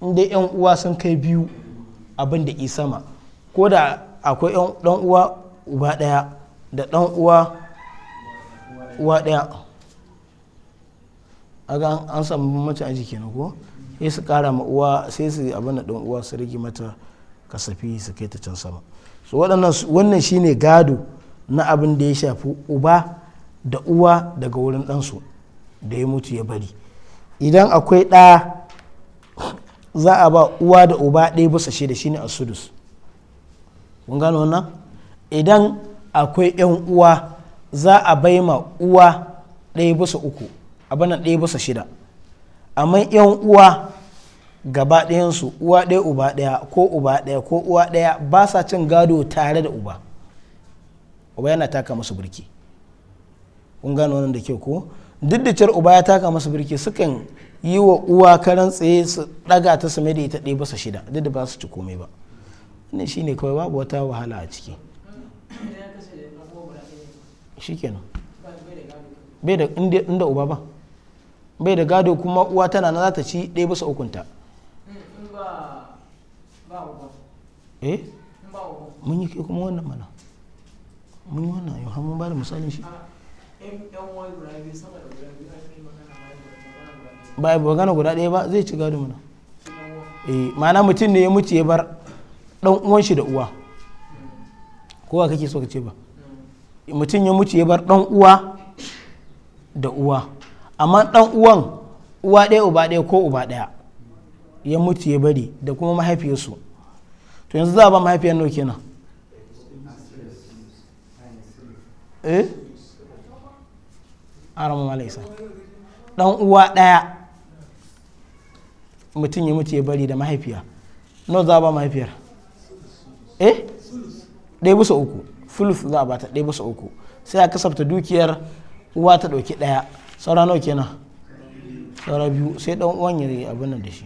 inda 'yan uwa sun kai biyu abin da sama ko da akwai dan uwa uba ɗaya da dan uwa uwa ɗaya aga an samu mace a jiki ko sai su kara ma uwa sai su abin da dan uwa su rage mata kasafi su ta can sama so wannan shine gado na abin da ya shafi uba da uwa daga wurin ɗansu da ya mutu ya bari idan akwai ɗa za a ba uwa da uba ɗaya bisa shida shine sudus kun gano wannan idan akwai yan uwa za a ma uwa ɗaya bisa uku abinan ɗaya bisa shida amma yan uwa gaba ɗayansu uwa ɗaya uba ɗaya ko uba ɗaya ko uwa ɗaya ba sa cin gado tare da uba uba yana taka musu birki kun gano wannan da ke ko duk da cewa uba ya taka musu birki sukan yi wa uwa karan tsaye su ɗaga ta su da ta ɗaya basa shida duk da ba su ci komai ba wannan shine kawai babu wata wahala a ciki shikenan bai da inda uba ba bai da gado kuma uwa tana na za ta ci ɗaya bisa ukunta eh mun yi ke kuma wannan mana mun yi wannan yau mun ba da misalin shi ba ba gana guda ɗaya ba zai ci gado mana eh ma'ana mutum ne ya mutu ya bar ɗan uwan shi da uwa hmm. kowa kake so ka ce ba hmm. mutum ya mutu ya bar ɗan uwa da uwa amma ɗan uwan uwa ɗaya uba ɗaya ko uba ɗaya ya mutu ya bari da kuma mahaifiyarsu to yanzu za a ba mahaifiyar nawa kenan eh aramu malaisa dan uwa daya mutum ya mutu ya bari da mahaifiya nawa za a ba mahaifiyar eh ɗaya bisa uku fulus za a bata ɗaya bisa uku sai a kasafta dukiyar uwa ta ɗauki ɗaya saura nawa kenan saura biyu sai ɗan uwan ya abin nan da shi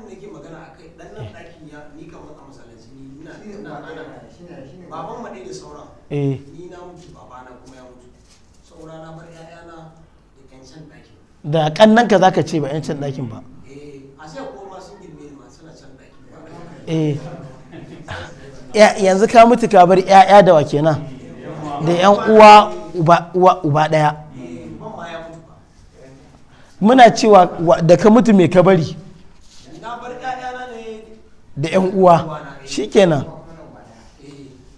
eh ni na mutu babana kuma ya mutu saura bar ƴaƴana da ƴancan ɗakin da kannan ka zaka ce ba ƴancan ɗakin ba eh a sai ko sun girme ni ma suna can ɗakin eh yanzu ka mutu ka bar ƴaƴa da wa kenan da yan uwa uba uba daya eh, muna cewa da ka mutu mai bari da 'yan uwa eh. shikenan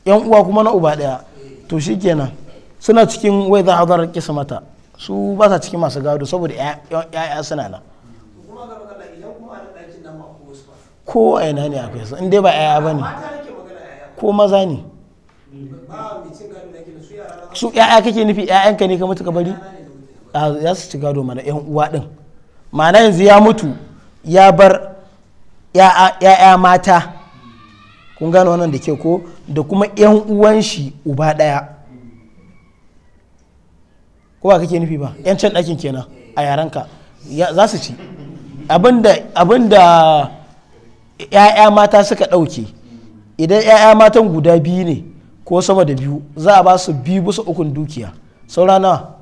yan uwa kuma na uba daya to shi kenan suna cikin wai za a zarar kisa mata su ba sa cikin masu gado saboda ya'ya suna na ko a yana ne akwai su inda ba ya'ya ba ne ko maza ne su ya'ya kake nufi ka ne ka mutu ka bari za su ci gado mana yan uwa din ma'ana yanzu ya mutu ya bar ya'ya mata kun gano wannan da ke ko da kuma yan uwan shi uba daya ko ba kake nufi ba yan can ɗakin kenan a yaranka za su ci abinda ‘ya'ya mata suka ɗauke idan ‘ya'ya matan guda biyu ne ko sama da biyu za a ba su biyu bisa ukun dukiya saura nawa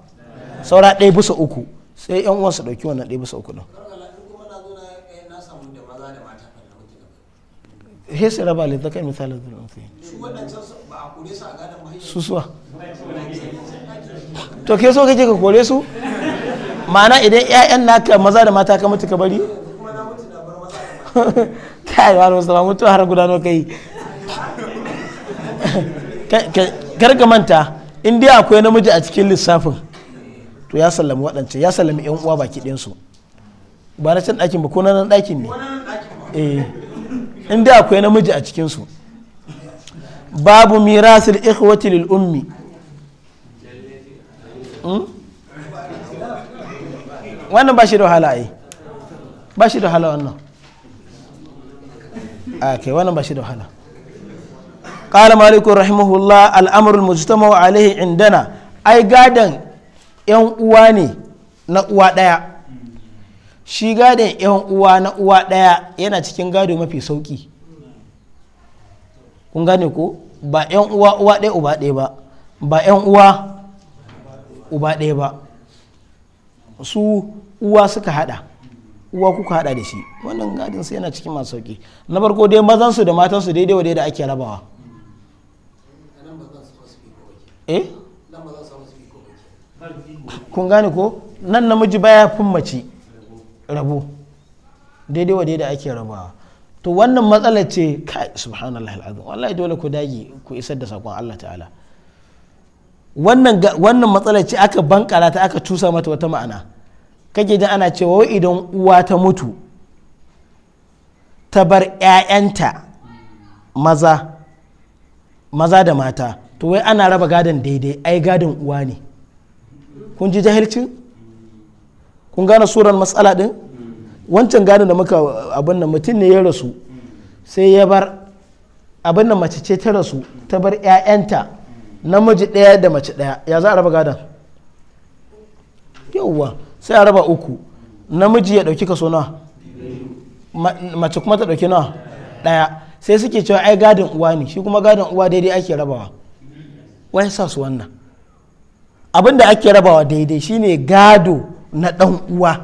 saura ɗaya bisa uku sai ‘yan uwan su ɗauki wannan ɗaya bisa uku hesa raba le zakar misalin zulun sai su su to ke so kake ka kore su ma'ana idan 'ya'yan naka maza da mata ka mutu ka bari kai wa wasu ba mutu har gudano kai kar ka manta in dai akwai namiji a cikin lissafin to ya sallami waɗance ya sallami ƴan uwa baki ɗinsu ba na can ɗakin ba ko na nan ɗakin ne eh inda akwai namiji a cikinsu babu mirasul ikhwati lil ummi hmm? wannan ba shi da wahala ai ba shi da wahala wannan a kai wannan ba shi da wahala قال مالك رحمه الله الامر المجتمع عليه عندنا اي غادن yan uwa ne na uwa daya shi gadon yan uwa na uwa ɗaya yana cikin gado mafi sauki kun gane ko ba yan uwa uwa ɗaya uba ɗaya ba ba yan uwa uba ɗaya ba su uwa suka hada uwa kuka hada da shi wannan gadin su yana cikin masu sauki na farko dai mazan su da matan su daidai wadai da ake rabawa eh kun gane ko nan namiji baya fin mace rabo daidai wa daidai ake rabawa to wannan matsalar ce kai subhanallah al'adun wallahi dole ku dagi ku isar da saƙon Allah ta'ala wannan wannan matsalar ce aka bankara ta aka cusa mata wata ma'ana kake jin ana cewa wai idan uwa ta mutu ta bar 'ya'yanta maza maza da mata to wai ana raba gadon daidai ai gadon uwa ne kun ji jahilcin kun gane suran matsala din wancan gane da muka abin nan mutum ne ya rasu sai ya bar abin nan mace ce ta rasu ta bar 'ya'yanta namiji ɗaya da mace ɗaya ya za a raba gadon yauwa sai a raba uku namiji ya ɗauki kaso nawa mace kuma ta ɗauki nawa ɗaya sai suke cewa ai gadon uwa ne shi kuma gadon uwa daidai ake rabawa wai sa su wannan abin da ake rabawa daidai shine gado na ɗan uwa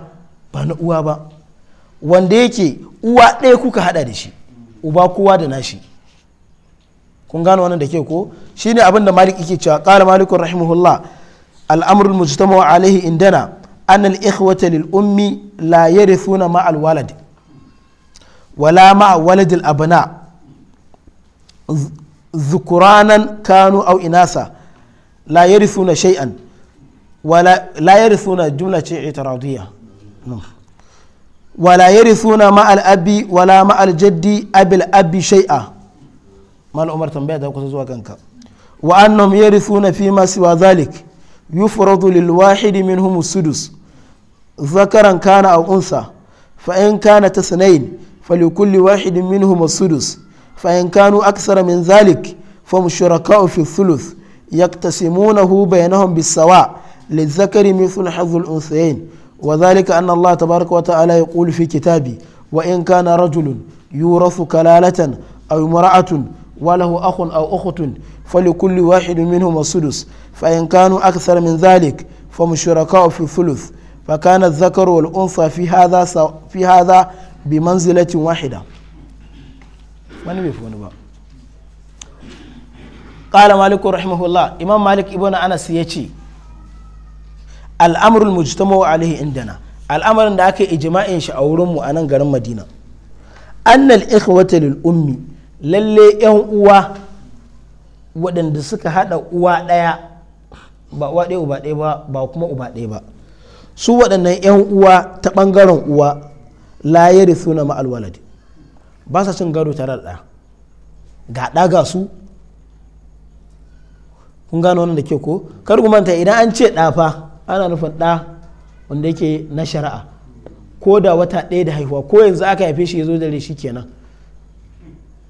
ba na uwa ba wanda yake uwa ɗaya kuka haɗa da shi uba kowa da nashi kun gano wannan da ke ko shine abin da malik yake cewa qala malikun rahimahullah al'amrul mujtama'u alaihi indana an al lil ummi la yarithuna ma al walad wala ma walad al abna kanu aw inasa la yarithuna shay'an wala la yarithuna jumla ce itiradiyya wala yarithuna ma al abi wala ma al jaddi abil abi shay'a mal umar tambaya da kusa zuwa kanka wa annahum yarithuna fi ma siwa dhalik yufradu lil sudus ذكرا كان أو أنثى فإن كانت اثنين فلكل واحد منهما السدس فإن كانوا أكثر من ذلك فهم شركاء في الثلث يقتسمونه بينهم بالسواء للذكر مثل حظ الأنثيين وذلك أن الله تبارك وتعالى يقول في كتابه وإن كان رجل يورث كلالة أو امرأة وله أخ أو أخت فلكل واحد منهم السدس فإن كانوا أكثر من ذلك فهم شركاء في الثلث فكان الذكر والأنثى في هذا في هذا بمنزلة واحدة قال مالك رحمه الله إمام مالك ابن أنس يجي al'amrul mujtama'u alihi indana al'amarin da aka yi ijima'in shi a wurin mu a nan garin Madina annal ikhwata lil ummi lalle yan uwa waɗanda suka haɗa uwa ɗaya ba uwa ɗaya uba ɗaya ba ba kuma uba ɗaya ba su waɗannan yan uwa ta ɓangaren uwa la suna ma alwalad ba sa cin gado tare da ga ɗa ga su kun gano wannan da ke ko kar ku manta idan an ce ɗafa ana nufin ɗa wanda yake na shari'a ko da wata ɗaya da haihuwa ko yanzu aka haife shi ya zo dare shi kenan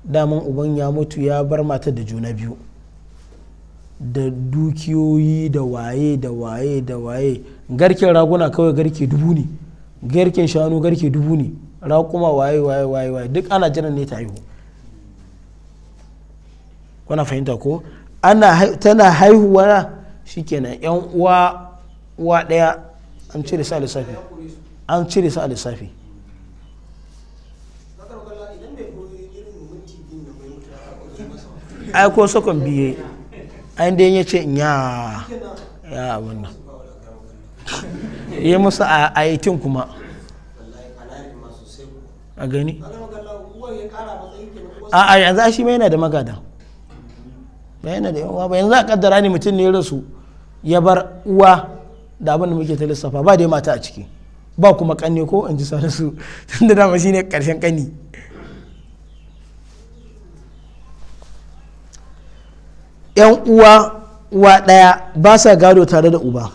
daman uban ya mutu ya bar mata da juna biyu da dukiyoyi da waye da waye da waye garken raguna kawai garke dubu ne garken shanu garke dubu ne raƙuma waye waye waye duk ana jiran ne ta haihu kuna fahimta ko tana haihuwa shi kenan yan uwa uwa ɗaya an cire su alisafi lissafi an cire su alisafi lissafi ai ko sakon biye ai dai ya ce ya ya wannan ya musu a aitin kuma a gani a a yanzu shi mai yana da magada ba yana da yawa ba yanzu a kaddara ne mutum ne rasu ya bar uwa da abin da muke ta lissafa ba dai mata a ciki ba kuma kanne ko in ji su tun da dama shine karshen kani yan uwa uwa daya ba sa gado tare da uba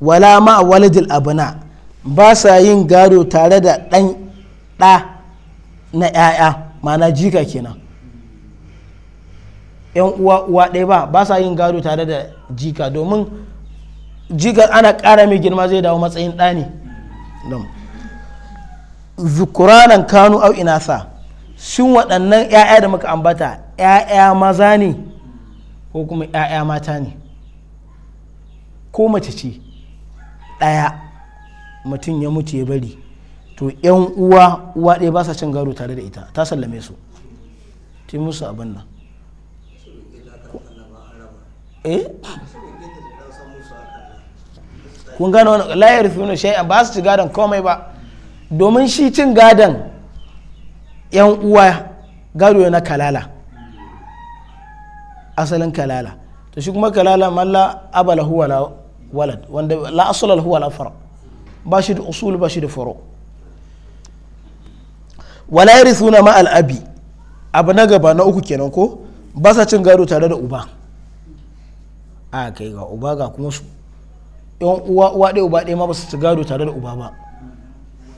wala ma walidil abuna ba sa yin gado tare da dan da na ‘ya'ya mana jika kenan yan uwa uwa ɗaya ba ba sa yin gado tare da jika domin jigar ana kara mai girma zai dawo matsayin ɗa ne zukuranan kanu au inasa sun waɗannan 'ya'ya da muka ambata 'ya'ya maza ne ko kuma 'ya'ya mata ne ko mace ce ɗaya mutum ya mutu ya bari to 'yan uwa uwa ɗaya ba sa cin gado tare da ita ta sallame su musu abin kun gano layar yarithuna shay'an ba su ci gadon komai ba domin shi cin gadon yan uwa gado na kalala asalin kalala to shi kuma kalala malla abala huwa la walad wanda la asala huwa la fara ba shi da usul ba shi da faro wala yarithuna ma al abi abu na gaba na uku kenan ko ba sa cin gado tare da uba a kai ga uba ga kuma su yan uwa uwa ɗaya uba ɗaya ma ba su gado tare da uba ba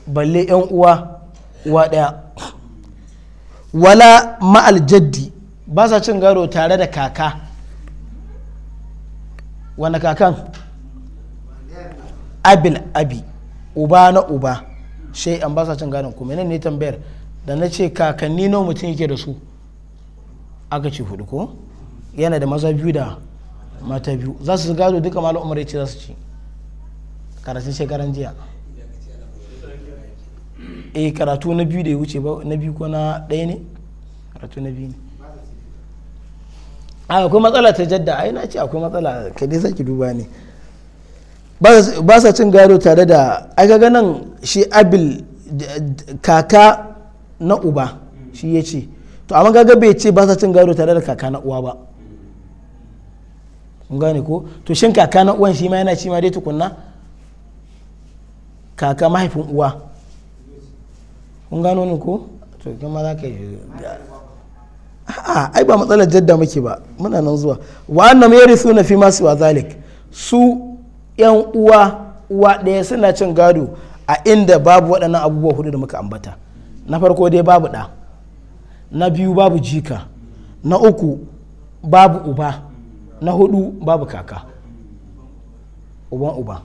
balle yan uwa uwa ɗaya wala ma'al jaddi ba sa cin gado tare da kaka wani kakan abil abi uba na uba shai an ba sa cin gadon kuma ne tambayar da na ce kakanni nawa mutum yake da su aka ce hudu ko yana da maza biyu da mata biyu za su gado duka malu umar ya ce za su ci karatun shekaran jiya eh karatu na biyu da ya wuce ba na biyu ko na ɗaya ne karatu na biyu ne a ah, akwai matsala ta jadda ai na ce akwai matsala ka dai saki duba ne ba sa cin gado tare da ai ga nan shi abil kaka na uba shi ya ce to amma gaga bai ce ba sa cin gado tare da kaka na uwa ba kun gane ko to shin kaka na uwan shi ma yana ci ma dai tukunna kaka mahaifin uwa kun gano ni ko to kuma za ka yi a'a ai ba matsalar jadda muke ba muna nan zuwa wa annam na fi masu wa zalik su yan uwa uwa ɗaya suna cin gado a inda babu waɗannan abubuwa hudu da muka ambata na farko dai babu ɗa na biyu babu jika na uku babu uba na hudu babu kaka uban uba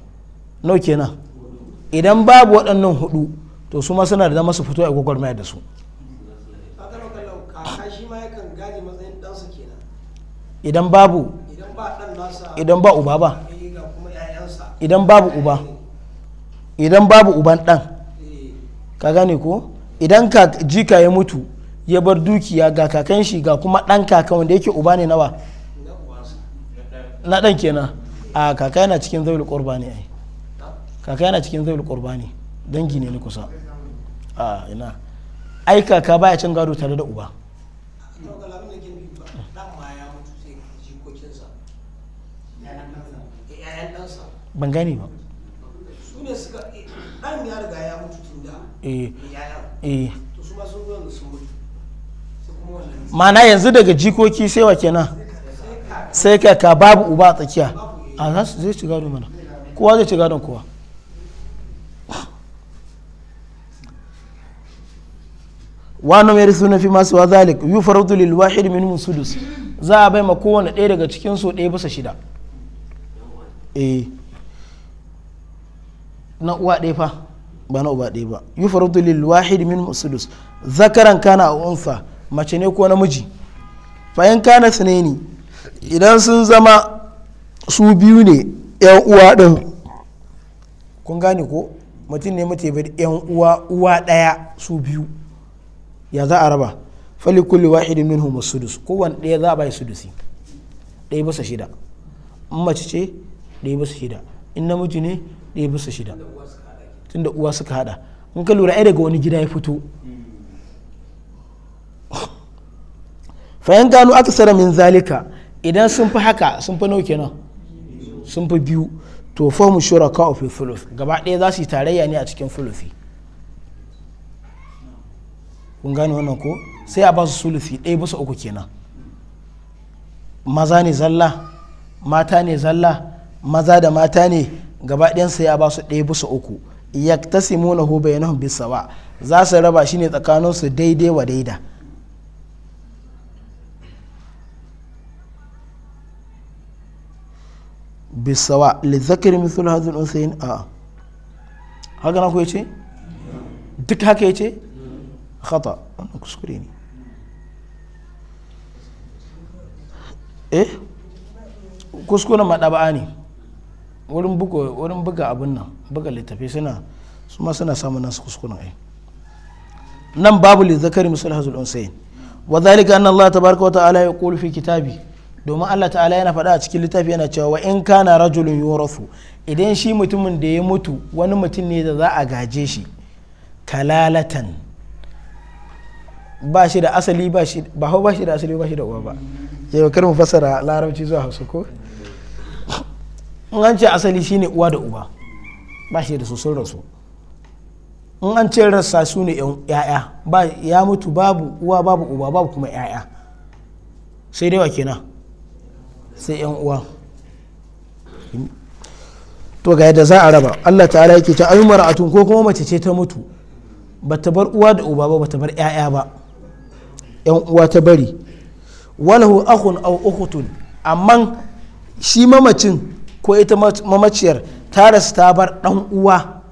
nau kenan idan babu waɗannan hudu to su ma suna da masu su fito a gwagwar da su idan babu idan ba uba ba idan babu uba idan babu uban dan ka gane ko idan ka jika ya mutu ya bar dukiya ga kakan shi ga kuma dan kaka wanda yake uba ne nawa na dan kenan a kaka yana cikin zaul qurbani ne ai kaka yana cikin zai qurba ne dangi ne na kusa a ina ai kaka baya cin gado tare da uba ban gani ba eh, eh. mana yanzu daga jikoki sai wa kenan sai ka babu uba a tsakiya a zai ci gado mana kowa zai ci gadon kowa wa nu yarisuna fi masu wa zalik yufaradu lil wahid minhum sudus za a bai ma kowane ɗaya daga cikin su ɗaya bisa shida eh na uwa ɗaya fa ba na uba ɗaya ba yufaradu lil wahid minhum sudus zakaran kana a unsa mace ne ko namiji fa in kana ni idan sun zama su biyu ne yan uwa ɗin kun gane ko mutum ne mutum ya yan uwa uwa ɗaya su biyu ya za a raba fali kulli wahidin minhum sudus kowanne ɗaya za a bai sudusi ɗaya bisa shida in mace ce ɗaya bisa shida in namiji ne ɗaya bisa shida tunda uwa suka hada in ka lura ai daga wani gida ya fito fayan gano aksara min zalika idan sun fi haka sun fi nauke nan sun fi biyu to fahimu shuraka fi fuluf gaba ɗaya za su yi tarayya ne a cikin fulufi kun gane wannan ko sai a ba su sulufi ɗaya bisa uku kenan maza ne zalla mata ne zalla maza da mata ne gaba ɗayansa ya ba su ɗaya bisa uku yaktasimuna hu bisa ba za su raba shi ne tsakaninsu daidai wa daida bisawa lizakir mithul hadhul usain a haka na ku yace duk haka yace khata wannan kuskure ne kuskuren maɗaba'a ne wurin buga abin nan buga littafi su ma suna samun nasu kuskuren ai nan babu li zakari misal hazul unsayin wa zalika anna Allah tabaraka wa ta'ala yaqulu kitabi domin Allah ta'ala yana faɗa a cikin littafi yana cewa wa in kana rajulun yurathu idan shi mutumin da ya mutu wani mutum ne da za a gaje shi kalalatan ba shi da asali ba shi ba hau ba shi da asali ba shi da uwa ba yau kar mu fasara larabci zuwa hausa ko in an ce asali ne uwa da uba ba shi da su sun rasu in an ce rassa su ne ya'ya ba ya mutu babu uwa babu uba babu kuma ya'ya sai dai wa kenan sai yan uwa to ga yadda za a raba Allah ta'ala yake ta ayyumar atun ko kuma mace ce ta mutu bata bar uwa da uba ba bata bar 'ya'ya ba 'yan uwa ta bari walahu akhun aw ukhtun amma shi mamacin ko ita mamaciyar ta rasu ta bar dan uwa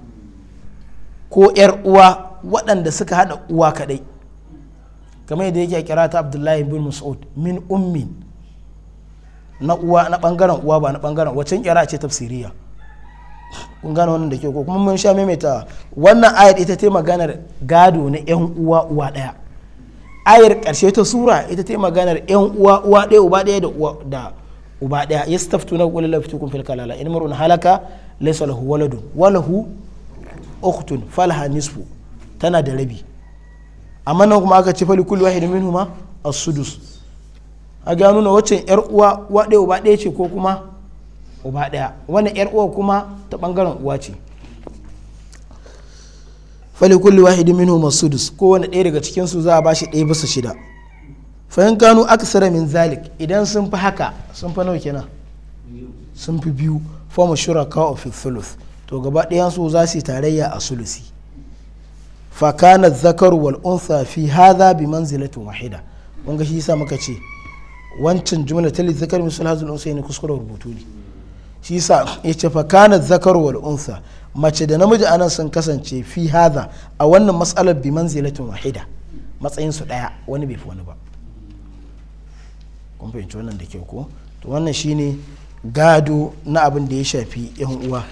ko yar uwa waɗanda suka hada uwa kadai kamar yadda yake kira ta abdullahi bin mas'ud min ummin na uwa na bangaren uwa ba na bangaren wacin kira ce tafsiriya kun gane wannan da ke ko kuma mun sha maimaita wannan ayat ita ta maganar gado na yan uwa uwa daya ayar ƙarshe ta sura ita ta yi maganar yan uwa uwa ɗaya uba ɗaya da uwa da uba ɗaya yastaftuna qul la tukun filka lala in mar'un halaka laisa lahu waladun walahu lahu falha nisfu tana da rabi amma nan kuma aka ce fali kullu wahidin minhuma as-sudus a ga nuna waccan yar uwa uwa ɗaya uba ɗaya ce ko kuma uba ɗaya wannan yar uwa kuma ta bangaren uwa ce fali kulli wahidin minhum as-sudus kowane ɗaya daga cikin su za a bashi ɗaya bisa shida fa in kanu aksara min zalik idan sun fi haka sun fi nawa kenan sun fi biyu fama shuraka fi thuluth to gaba ɗayan su za su yi tarayya a sulusi fa kana zakar wal fi hadha bi manzilatin wahida wanga shi yasa muka ce wancan jumla ta zakar min sulhazul unsa ne kuskuren rubutu ne shi yasa yace fa kana zakar wal unsa mace da namiji anan sun kasance fi hada a wannan matsalar bi manzilatin wahida matsayin su daya wani bai fi wani ba kun fahimci wannan da kyau ko to wannan shine gado na abin da ya shafi yan uwa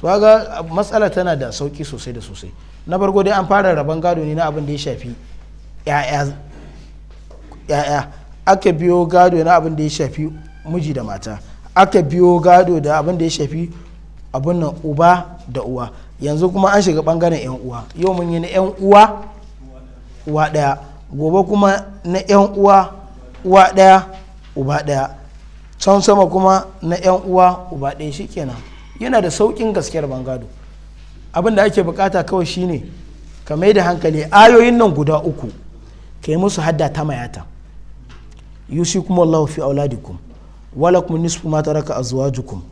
su ga matsala tana da sauki sosai da sosai na farko dai an fara rabon gado ne na abin da ya shafi ya'ya aka biyo gado na abin da ya shafi miji da mata aka biyo gado da abin da ya shafi abunan nan uba da uwa yanzu kuma an shiga bangaren yan uwa yau mun yi na yan uwa uwa daya gobe kuma na yan uwa uwa daya uba daya can sama kuma na yan uwa uba daya shikenan yana da saukin gaskiyar bangado abin da ake bukata kawai shine ka mai da hankali ayoyin nan guda uku ka yi musu hadda ta mayata kuma wallahu fi auladikum walakum nisfu ma taraka azwajukum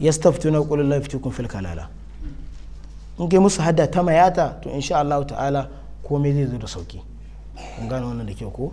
yastaftuna qul la yuftikum fil kalala in kai musu hadda ta mayata to in sha Allah ta'ala komai zai zo da sauki kun gane wannan da kyau ko